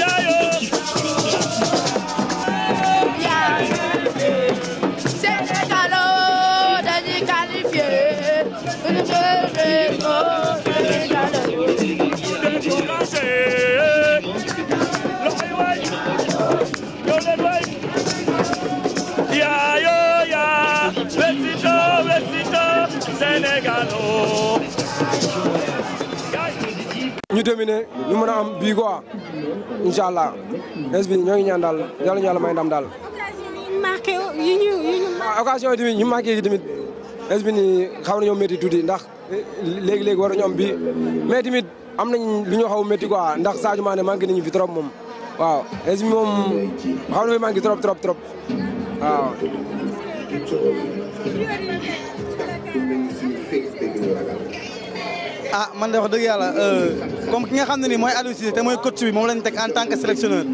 yaayo yéene ñu mën a am bii quoi incha allah bi ñoo ngi ñaan daal yàlla ñu yàlla may ndam daal. Ah, occasion yi tamit ñu marqué yi tamit est-ce que ni xaw nañoo métti tuuti ndax léegi-léegi war nañu am bii mais tamit am nañ lu ñu xaw métti quoi ndax Sadio Mané manqué nañu fi trop moom waaw est-ce que moom xaw na fi manqué trop trop trop waaw ah man de wax dëgg yàlla euh, comme ki nga xam ne nii mooy Aliou te mooy coach bi moom lañ teg en tant que sélectionneur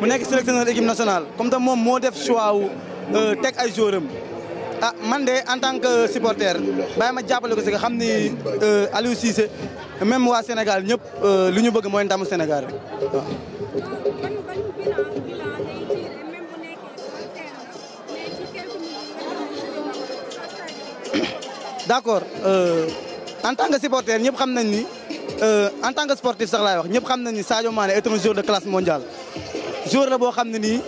mu nekk sélectionneur équipe nationale comme tam moom moo def choix wu euh, teg ay joueur ah man de en tant que supporter bàyyi ma jàppale ko si nga xam ni euh, Aliou Cissé même waa Sénégal ñëpp li ñu bëgg mooy ndamu Sénégal d'accord. en tant que supporter ñëpp xam nañ ni euh, en tant que sportif sax laay wax ñëpp xam nañ ni Sadio Mané est un joueur de classe mondiale joueur la boo xam ne nii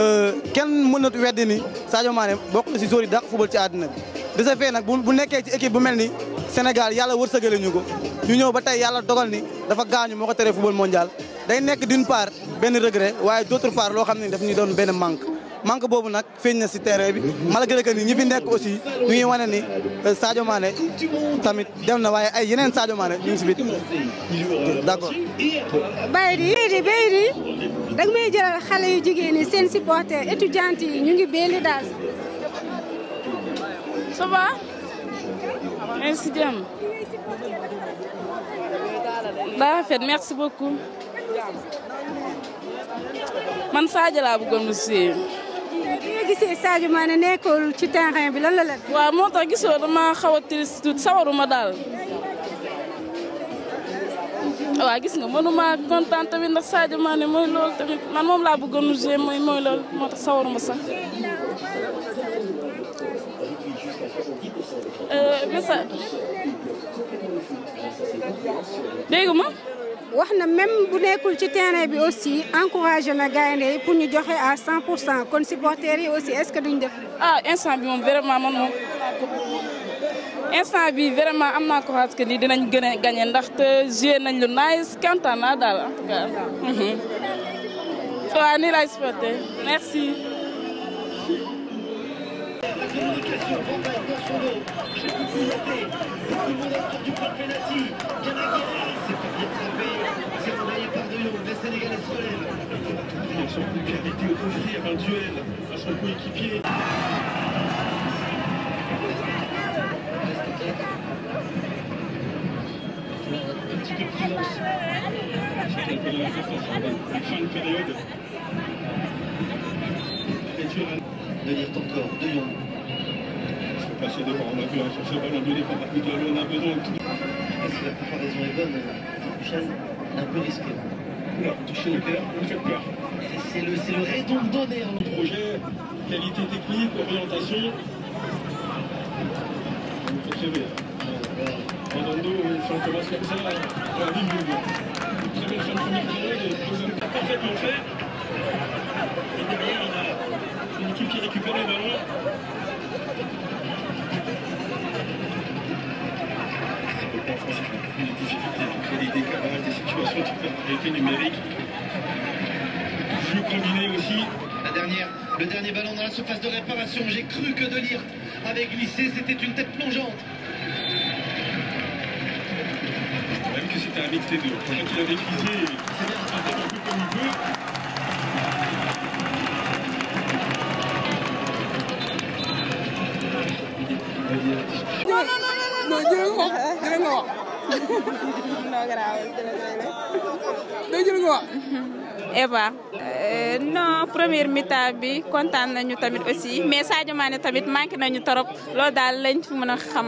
euh, kenn mënut weddi ni Sadio Mané bokk na si joueur yi dàq football ci àddina bi. de ce fait bu nekkee ci équipe bu mel ni Sénégal yàlla wërsëgale ñu ko ñu ñëw ba tey yàlla dogal ni dafa gaañu moo ko teree football mondial day nekk d'une part benn regret waaye d'autre part loo xam ne daf ñuy doon benn manque. manque boobu nag feeñ na si terrain bi malgré que ni ñi nekk aussi ñu ngi wane ni euh, Sadio tamit dem na waaye ay yeneen Sadio Mané ñu ngi si biir d'accord. Baydi Baydi Baydi dag may jëlal xale yu jigéen seen supporter étudiante ñu ngi beeli daal. ça merci jàmm. daa man Sadio laa bëggoon mu bi nga gisee Sadio Mané ci terrain bi la lan. waaw moo tax gisoo a triste sawaruma daal. waaw gis nga mënuma kontaan tamit ndax moom laa bëggoon joué mooy mooy loolu moo tax sawaruma sax. Euh, dégg ma. wax na même bu nekkul ci terrain bi aussi encouragé na gaynde yi pour ñu joxe à 100 pour cent kon supporters yi aussi est-ce que duñ def. ah instant bi moom vraiment man moom instant bi vraiment am na courage que ni dinañ gën a ndax ndaxte joué nañ lu nice kontaan naa daal en tout cas. waaw nii laay supporté merci. Sénégal Une direction de qualité offrir un duel à son coéquipier. Un petit peu de prudence. C'était un peu la fin de période. De lire encore, de Lyon. Il faut passer devant, on a vu un chercheur, on a vu les pas on a besoin de tout. Je ne sais pas si la comparaison est bonne, Jean-Michel, un peu risqué. peur, toucher au cœur, vous faites peur. C'est le, le raison d'honneur. Projet, qualité technique, orientation. Euh, Observez. Fernando, euh, si on commence comme ça, on va vivre Vous savez, sur le premier période, nous pas parfaitement fait. Et derrière, on a une équipe qui récupère le ballon. la France avec toutes les difficultés, toutes les décalages, des situations de supériorité numérique. Flou combiné aussi. La dernière, le dernier ballon dans la de réparation, j'ai cru de lire avait c'était une tête plongeante. Même que c'était un mix des deux. En fait, il avait glissé. C'est Un peu comme il veut. Euh, non première mi bi kontaan nañu tamit aussi mais Sadio Mané tamit manqué nañu torop lool daal lañ fi mën a xam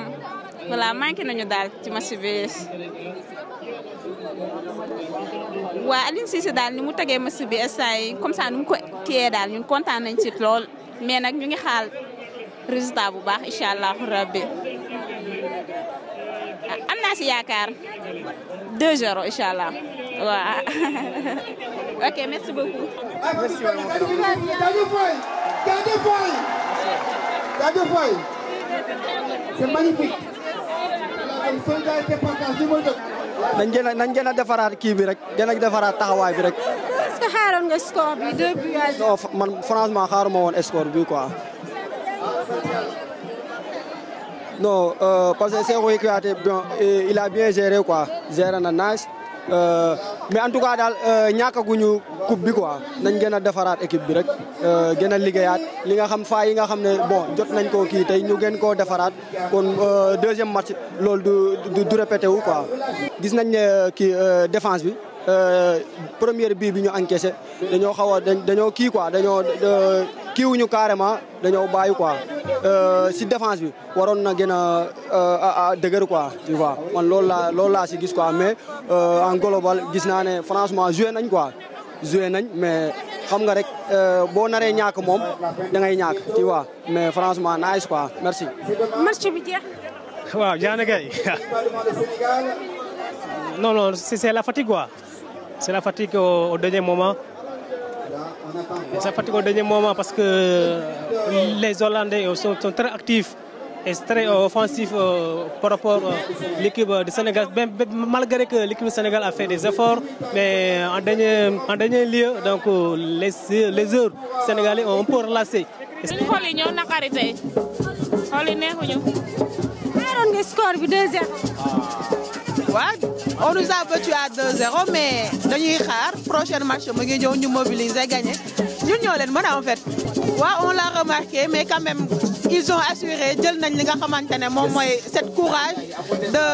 voilà manqué nañu daal ci match bi. waa Aliou daal ni mu tegee match bi instant yi comme ça ni mu ko kiyee daal ñun kontaan nañ ci lool mais nag ñu ngi xaal résultat bu baax incha allahu rabbi naa si yaakaar 2 euros incha allah waaw ok merci beaucoup. merci c'est magnifique. nañ gën a nañ defaraat kii bi rek gën a defaraat taxawaay rek. est ma que xaaroon nga score xaaruma woon score bi quoi. Non, euh, parce que Cheikhou Kouyaté bon il a bien géré quoi géré na nice euh, mais en tout cas daal euh, ñàkkaguñu coupe bi quoi nañ gën a defaraat équipe bi rek gën a liggéeyaat li nga xam faa yi nga xam ne bon jot nañ koo kii tey ñu gën koo defaraat kon deuxième match loolu du du répété wu quoi. gis nañ ne kii défense bi première bi bi ñu encaissé dañoo xaw a dañoo kii quoi dañoo. kiiwuñu carrément dañoo bàyyi quoi euh, si défense bi waroon na gën euh, a dëgër quoi tu vois man loolu laa si gis quoi mais euh, en global gis naa ne franchement joué nañ quoi joué nañ mais xam nga rek boo naree ñàkk moom dangay ngay ñàkk tu vois mais franchement nice quoi merci. match bi jeex. waaw jaana kay non non c'est la fatigue quoi c'est C'est fatigué au dernier moment parce que euh, les Hollandais sont, sont très actifs et très euh, offensifs euh, par rapport à l'équipe du Sénégal. Même, malgré que l'équipe du Sénégal a fait des efforts, mais en dernier, en lieu, donc, les, les heures sénégalais ont un peu relâché. Ah. on nous a battu à 2-0 mais dañuy xaar prochain match mu ngi ñu mobiliser gagner ñun ñoo leen mën a en fait waaw on l'a remarqué mais quand ils ont assuré jël nañ li nga xamante ne moom mooy cette courage de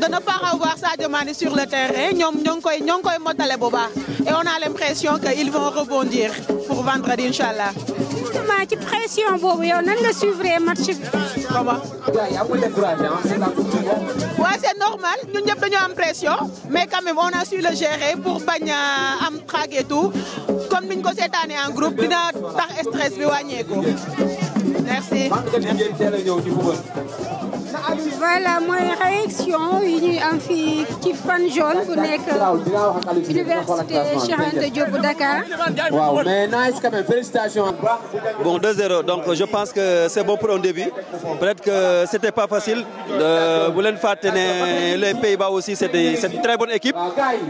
de ne pas avoir Sadio Mané sur le terrain ñoom koy motale bu baax et on a l'impression que ils vont rebondir pour vendredi incha allah. justement ci pression boobu yow nan nga suivre match bi. comment. gars yi c'est la coupe du monde. normal ñun ñëpp dañoo am pression mais quand on a su le pour bañ a am trac et tout comme ko setaane en groupe dina tax stress bi wàññeeku merci. voilà mooy réaction yi ñuy am fii ci fan zone bu nekk université Cheikh Dakar. waaw mais nice quand donc je pense que c'est bon pour un début peut-être que c'était pas facile. Euh, bu leen fàtte ne les Pays-Bas aussi c'était c'est une très bonne équipe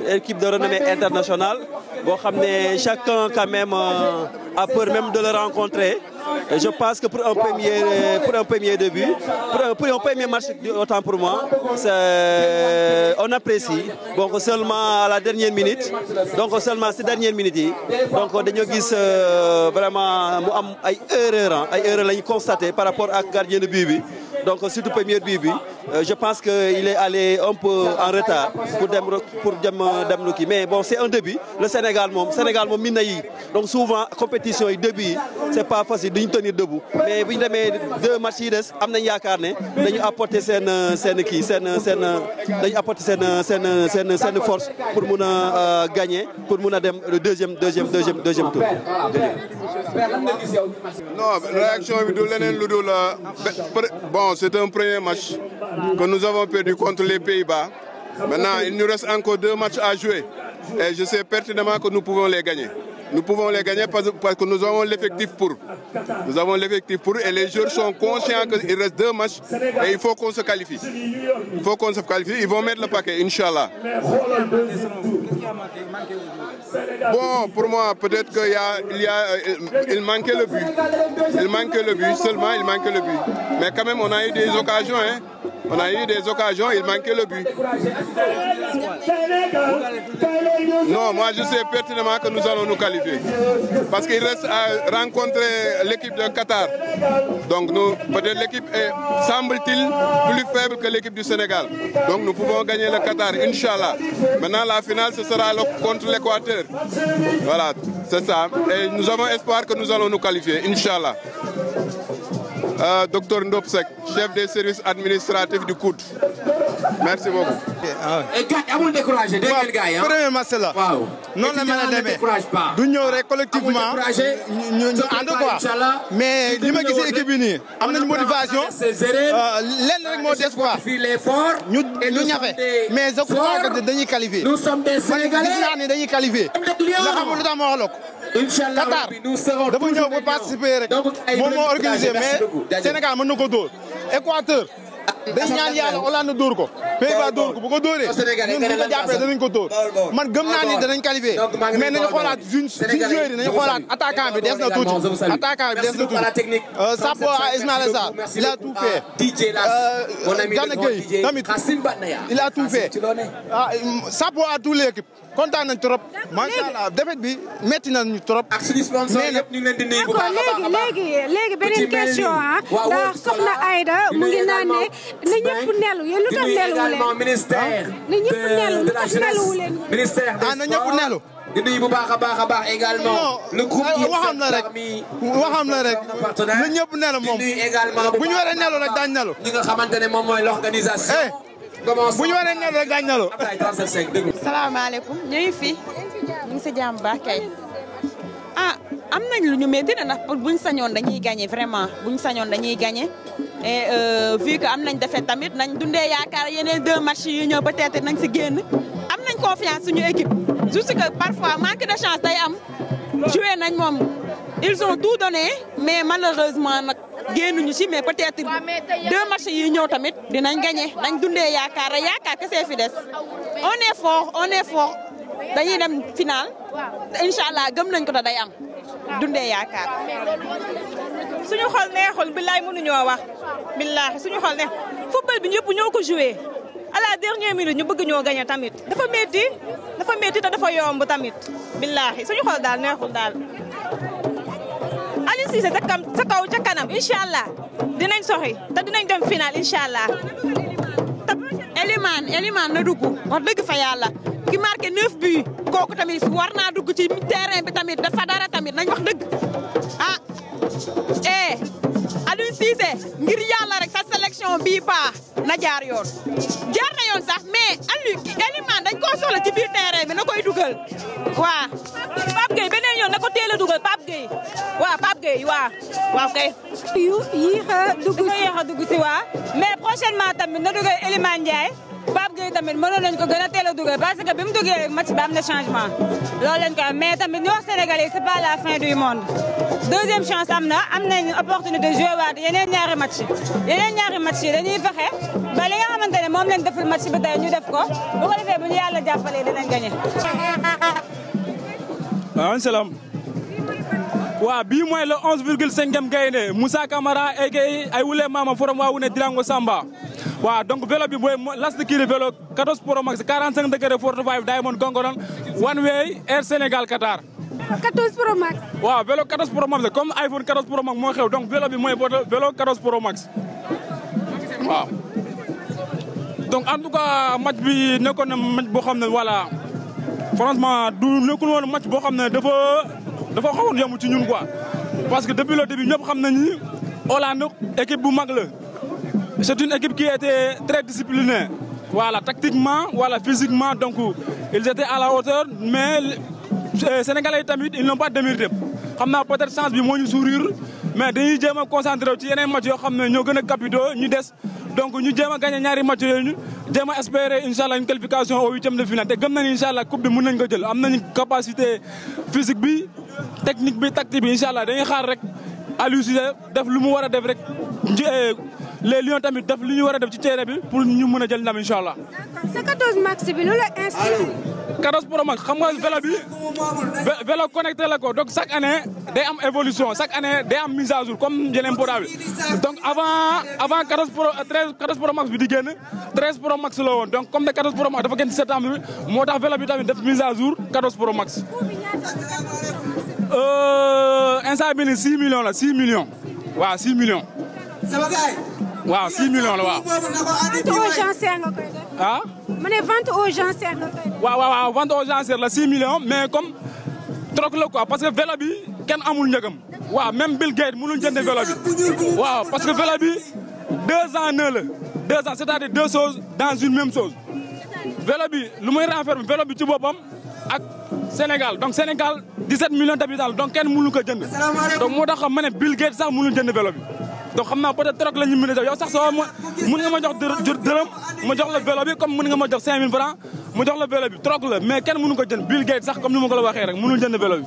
équipe de renommée internationale boo xam ne chacun quand même euh, a peur même de le rencontrer. je pense que pour un premier, de un premier début, pour un, pour un premier match, autant pour moi, on apprécie. Donc seulement à la dernière minute, donc seulement ces dernières minutes, donc dañoo gis euh, vraiment mu am ay erreur ay erreur la ñu constaté par rapport ak gardien de but bi. Donc surtout premier but bi euh, je pense que il est allé un peu en retard pour dem pour dem euh, dem kii mais bon c'est un début le Sénégal moom Sénégal moom min na yi donc souvent compétition yi début yi c'est pas facile duñu tenir debout mais bu ñu demee deux matchs yi des am nañ yaakaar ne dañu apporter seen euh, seen kii seen seen dañu apporter seen seen seen seen force pour mun a gagner pour mun a dem le deuxième deuxième deuxième deuxième tour Non, réaction euh, Bon, c'est un premier match que nous avons perdu contre les Pays-Bas. Maintenant, il nous reste encore deux matchs à jouer. Et je sais pertinemment que nous pouvons les gagner. nous pouvons les gagner parce, parce que nous avons l'effectif pour. Nous avons l'effectif pour et les joueurs sont conscients qu'il reste deux matchs et il faut qu'on se qualifie. Il faut ils vont mettre le paquet, Inch'Allah. Bon, pour moi, peut-être qu'il y a, il y a, euh, il le but. seulement il manquait le but. Mais quand même, on a eu des occasions, On a eu des occasions, il manquait le but. Non, moi je sais pertinemment que nous allons nous qualifier. Parce qu'il reste à rencontrer l'équipe de Qatar. Donc nous, peut-être l'équipe semble-t-il, plus faible que l'équipe du Sénégal. Donc nous pouvons gagner le Qatar, Inch'Allah. Maintenant la finale, ce sera contre l'Équateur. Voilà, c'est ça. Et nous avons espoir que nous allons nous qualifier, Inch'Allah. Euh, docteur Ndop Seck, chef des services administratifs du COUD. Merci beaucoup. Eh, amul découragé dégg ngeen gars yi ah. premier match la. waaw noonu a du ñëw rek collectivement ñu ñu ànd quoi mais li ma gisee équipe bi nii am nañu motivation euh, lenn rek moo des quoi ñu ñu ñafe mais je crois que dañuy qualifié man gis dañuy qualifié la xamul lu tax ma Qatar dafa ñëw pour participer rek moom moo organisé mais Sénégal mën na ko dóor Équateur dañ ñaan yàlla Hollande dóor ko Pays-Bas dóor ko bu ko dóoree ñun bu ko jàppee danañ ko dóor man gëm naa ah, ni danañ qualifié mais nañu xoolaat suñ suñ joueur yi nañu xoolaat attaquant bi des na tuuti attaquant bi des na tuuti Sapo Ismaïla Sarr euh, il a tout fait Gana Gueye tamit il a tout Sapo à toute l'équipe kontaan nañ trop macha allah défaite bi métti nañu trop. ak suñu sponsor yëpp ñu ngi leen di nuyu bu baax a na ñëpp nelu yéen lu nelu na ñëpp nelu lu tax nelu leen ministère ah na ñëpp nelu di a baax a baax également le groupe yi waxam la rek waxam la na ñëpp nelu moom di nuyu également bu ñu waree nelu rek daañ nelu ñi nga xamante ne moom mooy l'organisation eh, bu ñu waree nelu rek daañ nelu salaamaaleykum ñu ngi fi ñu ngi si jàmm baax kay ah am na lu ñu metti na ndax buñ sañoon dañuy gagné vraiment buñ sañoon dañuy gagné et euh, vu que am nañ défaite tamit nañ dundee yaakaar yenee deux matchs yi ñëw peut-être nañ si génn am nañ confiance suñu équipe juste que parfois manque de chance day am joué nañ moom ils ont tout donné mais malheureusement nag génnuñu si mais peut-être deux matchs yi ñëw tamit dinañ gagné nañ dundee yaakaar yaakaar se fi des on est fort on est fort dañuy dem final incha allah gëm nañ ko te day am dundee yaakaar. suñu xol neexul billaay mënuñoo wax billaay suñu xol neex football bi ñëpp ñoo ko joué à la dernière minute ñu bëgg ñoo gagné tamit dafa métti dafa métti te dafa yomb tamit billaay suñu xol daal neexul daal. Aliou Cissé sa kaw ca kanam incha allah dinañ soxi te dinañ dem final incha allah. Elimane Elimane na dugg wax dëgg fa yàlla. ki marqué neuf buts kooku tamit war naa dugg ci bi tamit dafa dara tamit nañ wax dëgg ah eh Aliou Cissé ngir yàlla rek sa sélection bii paa na jaar yoon jaar na yoon sax mais Aliou dañ koo soxla ci bi na koy dugal waa Pape Gueye beneen yoon na ko teel a dugal Pape Gueye waaw Pape Gueye waaw waaw kay yu yéex a waa mais prochainement tamit na dugal Elimane Ndiaye Pape Gueye tamit mënoon nañ ko gën a teel a dugal parce que bi mu duggee rek match bi am na changement loolu lañ ko am mais tamit am na am nañ opportunité de jouer waat yeneen ñaari match yeneen ñaari match yi dañuy fexe ba nga xamante ne moom lañ deful match bi tey ñu def ko bu ko defee bu ñu yàlla jàppalee dinañ gagné. waaw ah, salaam. waaw bii mooy le 11 virgule 5 gaynde Moussa Camara ay ay wule maama forom waa wune Dirango Samba. waaw donc vélo bi mooy last kili vélo 14 pro max 45 degré 45 diamond gongoron one way air Sénégal Qatar. 14 pro max. waaw vélo 14 pro max comme iPhone 14 pro moo xew donc vélo bi mooy vélo 14 pro max donc en tout cas match bi nekkoon na match boo xam ne voilà franchement du nekkul woon match boo xam ne dafa dafa xawoon yomb ci ñun quoi parce que depuis le début ñëpp xam nañu ni Hollande équipe bu mag la. c'est une équipe qui était très disciplinée. Voilà, tactiquement, wala physiquement, donc ils étaient à la hauteur, mais les euh, Sénégalais tamit, ils n'ont pas démérité. xam naa peut-être chance bi moo ñu sourire mais dañuy jéem a concentré ci yeneen match yoo xam ne ñoo gën a capitaux ñu des donc ñu jéem a gagné ñaari match yooyu jéem a espérer incha allah une qualification au huitième de finale te gëm nañu incha allah coupe bi mën nañ ko jël am nañu capacité physique bi technique bi tactique bi incha allah dañuy xaar rek Aliou Cissé def lu mu war a def rek euh, les lions tamit def li ñu war a def ci terrain bi pour ñu mën a jël ndam incha allah. d'accord sa 14 max bi lu la inspiré. 14 pro xam nga vélo bi vélo la ko donc chaque année day am évolution chaque année day am mise à jour comme yeneen produit avant avant 14 pro 13 14 pro max bi di génn 13 pro max la woon donc comme ne 14 pro max dafa génn ci moo tax vélo bi tamit def mise à jour 14 pro max. Euh, instant la 6 millions waaw 6 millions. waaw 6 millions la waaw. vente aux enchères nga koy def. ah. ma ne vente aux enchères la koy def. waaw waaw vente aux enchères la 6 millions mais comme troc la quoi parce que vélo bi kenn amul njëgam. waaw même Bill Gates mënul jënd vélo bi. waaw parce que vélo bi deux ans ne la deux ans c'est-à-dire deux choses dans une même chose. vélo bi lu muy renfermer vélo bi ci boppam ak Sénégal donc Sénégal 17 millions d'habitants donc kenn mënu ko jënd. donc moo tax ma ne Bill Gates sax mënul jënd vélo bi. donc xam naa peut-être trop la ñu mën a sax soo ma mën nga ma jox dërëm ma jox la vélo bi comme mën nga ma jox 5000 francs ma jox la vélo bi trop la mais kenn nu ko jënd Bill Gates sax comme ni ma ko la waxee rek mënul jënd vélo bi.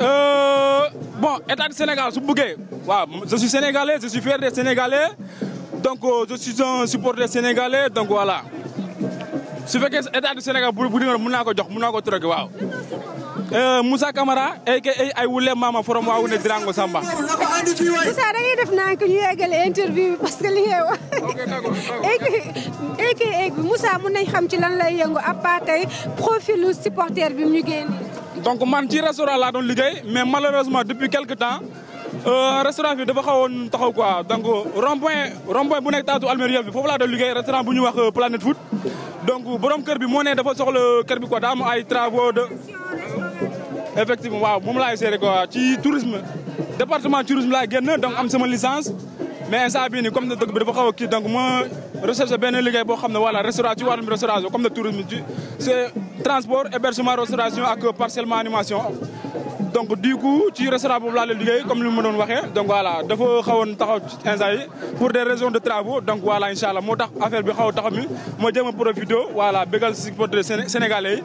Euh, bon état du Sénégal su buggee waaw je suis sénégalais je suis fier des sénégalais donc euh, je suis un supporter sénégalais donc voilà su fekkee état du Sénégal bu bu dee mën naa ko jox mën naa ko troquer waaw. Moussa Camara aka ay wule mama forom wa wune Dirango Samba Moussa da ngay def nank ñu yeggale interview bi parce que li ngay wax aka eg bi Moussa mun nañ xam ci lan lay yëngu à part tey profilu supporter bi mu ñu génn donc man ci restaurant laa doon liggéey mais malheureusement depuis quelque temps euh, restaurant bi dafa xawoon taxaw quoi donc rond point rond bu nekk taatu almérie bi foofu laa doon liggéey restaurant bu ñu wax euh, Planet Food donc borom kër bi moo ne dafa soxla kër bi quoi effectivement waaw moom laay seere quoi ci tourisme département tourisme laay génn donc am sama licence mais instant bii comme ne dëgg bi dafa a kii donc ma recherche boo xam ne voilà restauration ci wàllum restauration comme ne tourisme ci c'est transport hébergement restauration ak partiellement animation donc du coup ci restaurant boobu laa leen liggéey comme ni ma doon waxee donc voilà dafa xawoon taxaw instant yi pour des raisons de travaux donc voilà incha allah moo tax affaire bi xaw taxaw mi moo jéem a profité voilà bégal supporter sénégalais